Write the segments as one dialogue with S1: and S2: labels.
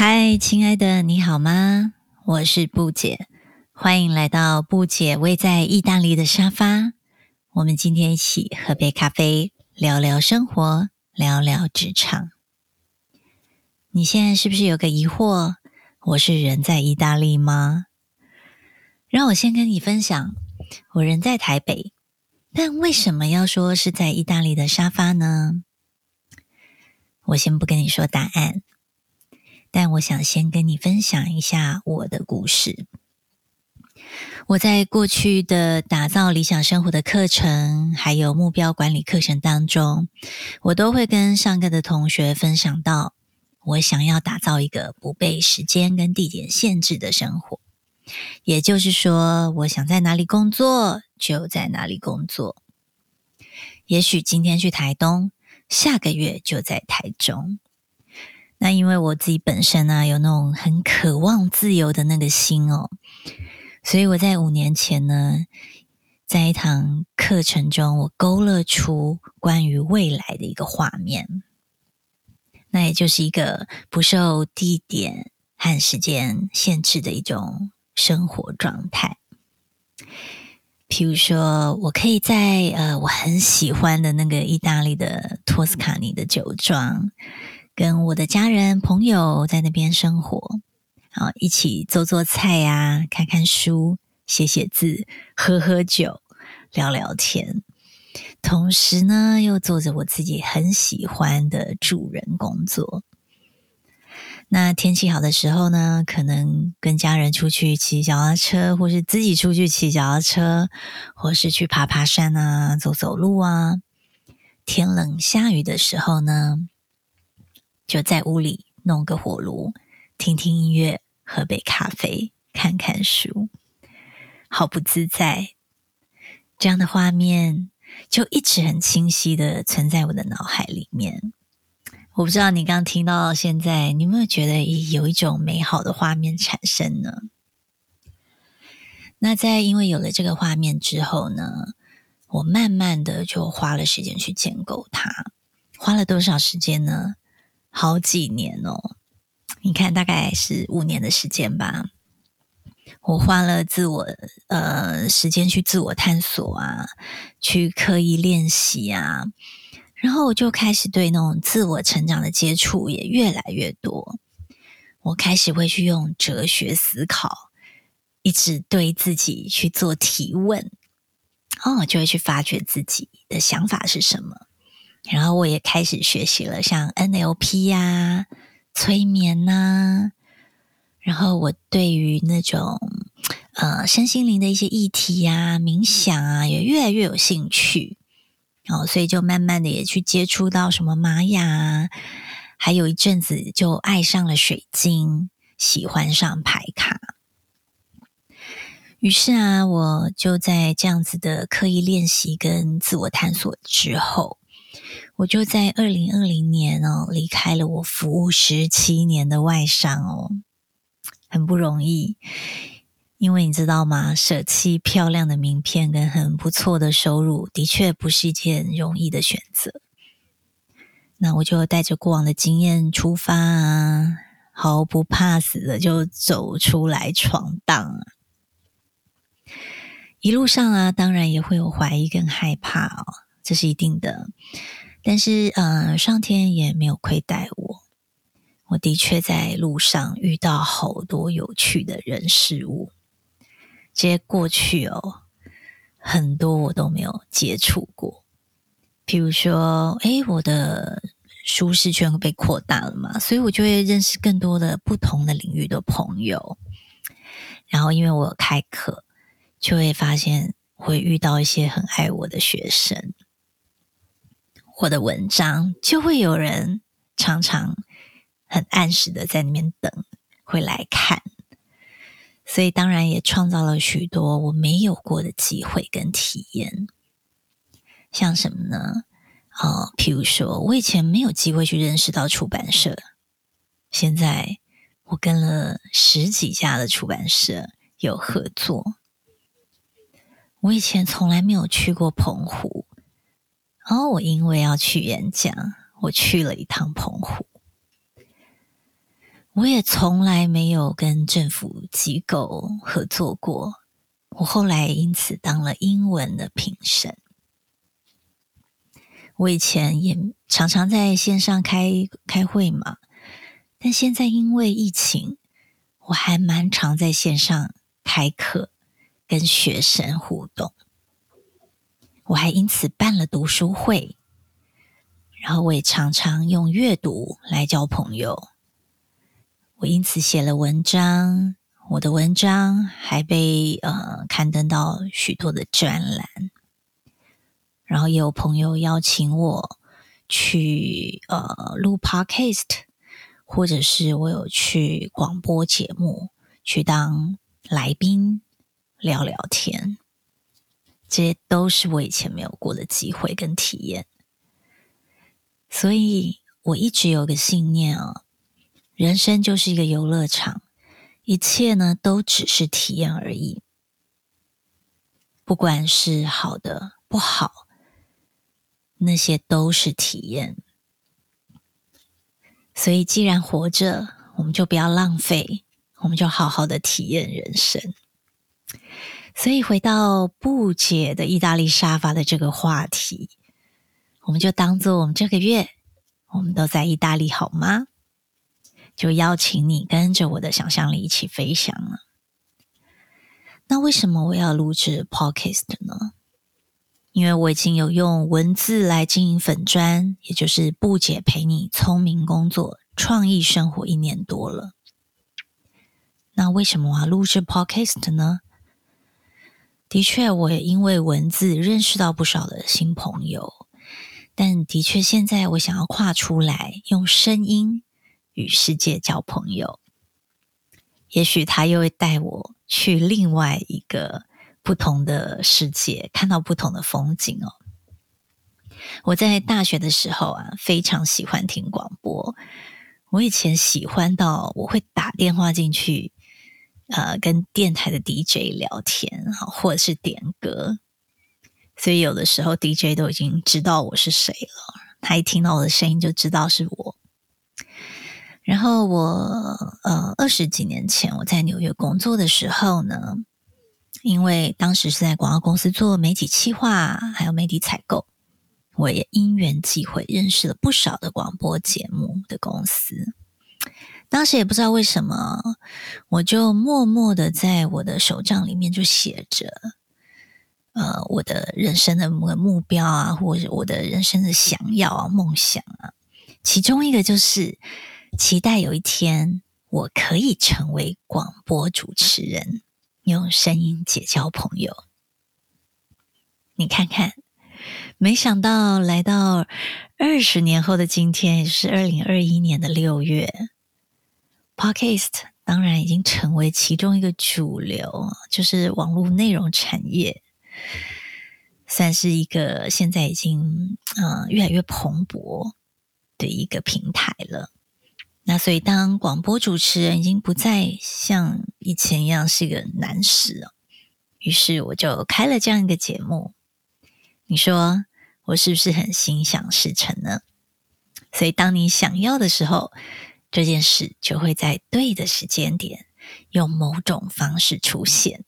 S1: 嗨，Hi, 親愛的，你好嗎？我是布姐，歡迎來到布姐位在意大利的沙發。我們今天一起喝杯咖啡，聊聊生活，聊聊職場。你現在是不是有個疑惑？我是人在意大利嗎？讓我先跟你分享，我人在台北，但為什麼要說是在意大利的沙發呢？我先不跟你說答案。但我想先跟你分享一下我的故事。我在過去的打造理想生活的課程，還有目標管理課程當中，我都會跟上課的同學分享到，我想要打造一個不被時間跟地點限制的生活。也就是說，我想在哪裡工作就在哪裡工作。也許今天去台東，下個月就在台中。那因為我自己本身呢、啊，有那種很渴望自由的那個心哦，所以我在五年前呢，在一堂課程中，我勾勒出關於未來的一個畫面。那也就是一個不受地點和時間限制的一種生活狀態。譬如說，我可以在呃，我很喜歡的那個意大利的托斯卡尼的酒莊。跟我的家人朋友在那邊生活，然後，一起做做菜呀、啊，看看書，寫寫字，喝喝酒，聊聊天。同時呢，又做着我自己很喜歡的助人工作。那天氣好的時候呢，可能跟家人出去騎腳踏車，或是自己出去騎腳踏車，或是去爬爬山啊，走走路啊。天冷下雨的時候呢？就在屋裡弄個火爐，聽聽音樂，喝杯咖啡，看看書，好不自在。這樣的畫面就一直很清晰的存在我的腦海裡面。我不知道你剛聽到現在，你有沒有覺得有一種美好的畫面產生呢？那在因為有了這個畫面之後呢，我慢慢的就花了時間去建構它，花了多少時間呢？好幾年哦，你看大概是五年的時間吧。我花了自我呃時間去自我探索啊，去刻意練習啊，然後我就開始對那種自我成長的接觸也越來越多。我開始會去用哲學思考，一直對自己去做提問，哦，就會去發掘自己的想法是什麼。然後我也開始學習了，像 NLP 呀、啊、催眠吶、啊，然後我對於那種呃身心靈的一些議題呀、啊、冥想啊，也越來越有興趣。然、哦、後，所以就慢慢的也去接觸到什麼瑪雅、啊，還有一陣子就愛上了水晶，喜歡上牌卡。於是啊，我就在這樣子的刻意練習跟自我探索之後。我就在二零二零年哦，離開了我服務十七年的外商哦，很不容易，因為你知道嗎？捨棄漂亮的名片跟很不錯的收入，的確不是一件容易的選擇。那我就帶着過往的經驗出發啊，毫不怕死的就走出來闖蕩。一路上啊，當然也會有懷疑跟害怕哦。這是一定的，但是呃，上天也沒有虧待我。我的確在路上遇到好多有趣的人事物，這些過去哦，很多我都沒有接觸過。譬如說，誒，我的舒適圈被擴大了嘛，所以我就會認識更多的不同的領域的朋友。然後，因為我有開課，就會發現會遇到一些很愛我的學生。我的文章就會有人常常很按時的在那邊等，會來看，所以當然也創造了許多我沒有過的機會跟體驗，像什麼呢？哦，譬如說，我以前沒有機會去認識到出版社，現在我跟了十幾家的出版社有合作。我以前從來沒有去過澎湖。哦，oh, 我因為要去演講，我去了一趟澎湖。我也從來沒有跟政府機構合作過。我後來因此當了英文的評審。我以前也常常在線上開開會嘛，但現在因為疫情，我還蠻常在線上開課，跟學生互動。我還因此辦了讀書會，然後我也常常用閱讀來交朋友。我因此寫了文章，我的文章還被呃刊登到許多的專欄。然後也有朋友邀請我去呃錄 Podcast，或者是我有去廣播節目去當來賓聊聊天。這些都是我以前沒有過的機會跟體驗，所以我一直有個信念啊、哦，人生就是一個遊樂場，一切呢都只是體驗而已，不管是好的不好，那些都是體驗。所以既然活着，我們就不要浪費，我們就好好的體驗人生。所以回到布姐的意大利沙發的這個話題，我們就當做我們這個月我們都在意大利好嗎？就邀請你跟着我的想象力一起飛翔了。那為什麼我要錄製 Podcast 呢？因為我已經有用文字來經營粉專，也就是布姐陪你聰明工作、創意生活一年多了。那為什麼我要錄製 Podcast 呢？的確，我也因為文字認識到不少的新朋友。但的確，現在我想要跨出來，用聲音與世界交朋友。也許他又會帶我去另外一個不同的世界，看到不同的風景哦。我在大學的時候啊，非常喜歡聽廣播。我以前喜歡到我會打電話進去。呃，跟電台的 DJ 聊天或者是點歌，所以有的時候 DJ 都已經知道我是誰了。他一聽到我的聲音就知道是我。然後我呃二十幾年前，我在紐約工作的時候呢，因為當時是在廣告公司做媒體企劃，還有媒體採購，我也因緣際會認識了不少的廣播節目的公司。當時也不知道為什麼，我就默默的在我的手賬裡面就寫着，呃，我的人生的目目標啊，或者我的人生的想要啊、夢想啊，其中一個就是期待有一天我可以成為廣播主持人，用聲音結交朋友。你看看，沒想到來到二十年後的今天，也就是二零二一年的六月。Podcast 當然已經成為其中一個主流，就是網絡內容產業，算是一個現在已經，呃，越來越蓬勃的一個平台了。那所以，當廣播主持人已經不再像以前一樣是一個難事了，於是我就開了這樣一個節目。你說我是不是很心想事成呢？所以，當你想要的時候。這件事就會在對的時間點用某種方式出現。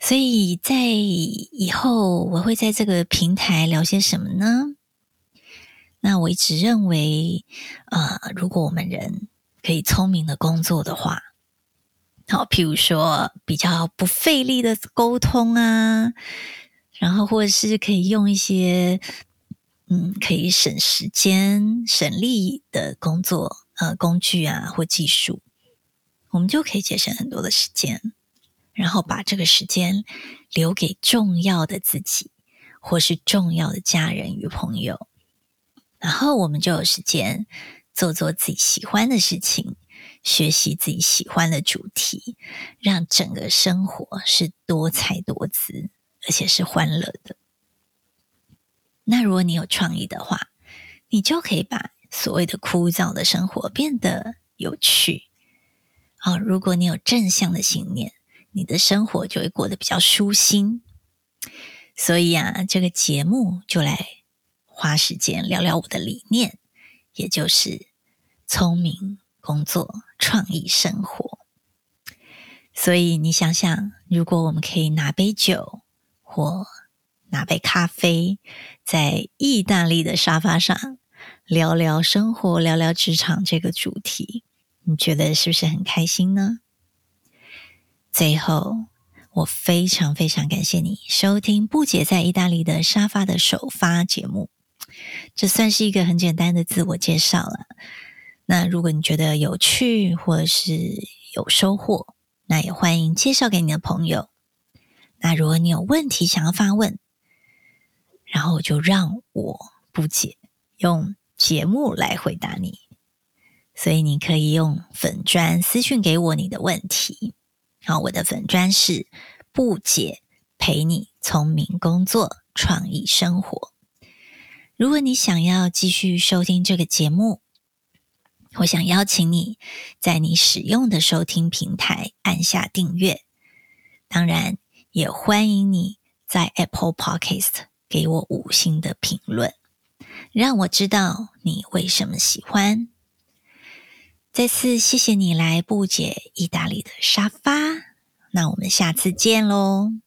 S1: 所以在以後我會在這個平台聊些什麼呢？那我一直認為，呃，如果我們人可以聰明的工作的話，好，譬如說比較不費力的溝通啊，然後或者是可以用一些。嗯，可以省時間、省力的工作，呃，工具啊或技術，我們就可以節省很多的時間，然後把這個時間留給重要的自己，或是重要的家人與朋友，然後我們就有時間做做自己喜歡的事情，學習自己喜歡的主題，讓整個生活是多彩多姿，而且是歡樂的。那如果你有創意的話，你就可以把所謂的枯燥的生活變得有趣。哦，如果你有正向的信念，你的生活就會過得比較舒心。所以啊，這個節目就來花時間聊聊我的理念，也就是聰明工作、創意生活。所以你想想，如果我們可以拿杯酒或拿杯咖啡，在意大利的沙發上聊聊生活，聊聊職場這個主題，你覺得是不是很開心呢？最後，我非常非常感謝你收聽《布姐在意大利的沙發》的首發節目。這算是一個很簡單的自我介紹了。那如果你覺得有趣或者是有收穫，那也歡迎介紹給你的朋友。那如果你有問題想要發問，然後就讓我布姐，用節目來回答你。所以你可以用粉專私訊給我你的問題。然後我的粉專是布姐陪你聰明工作、創意生活。如果你想要繼續收聽這個節目，我想邀請你在你使用的收聽平台按下訂閱。當然，也歡迎你在 Apple Podcast。給我五星的評論，讓我知道你為什麼喜歡。再次謝謝你來布姐意大利的沙發，那我們下次見嘍。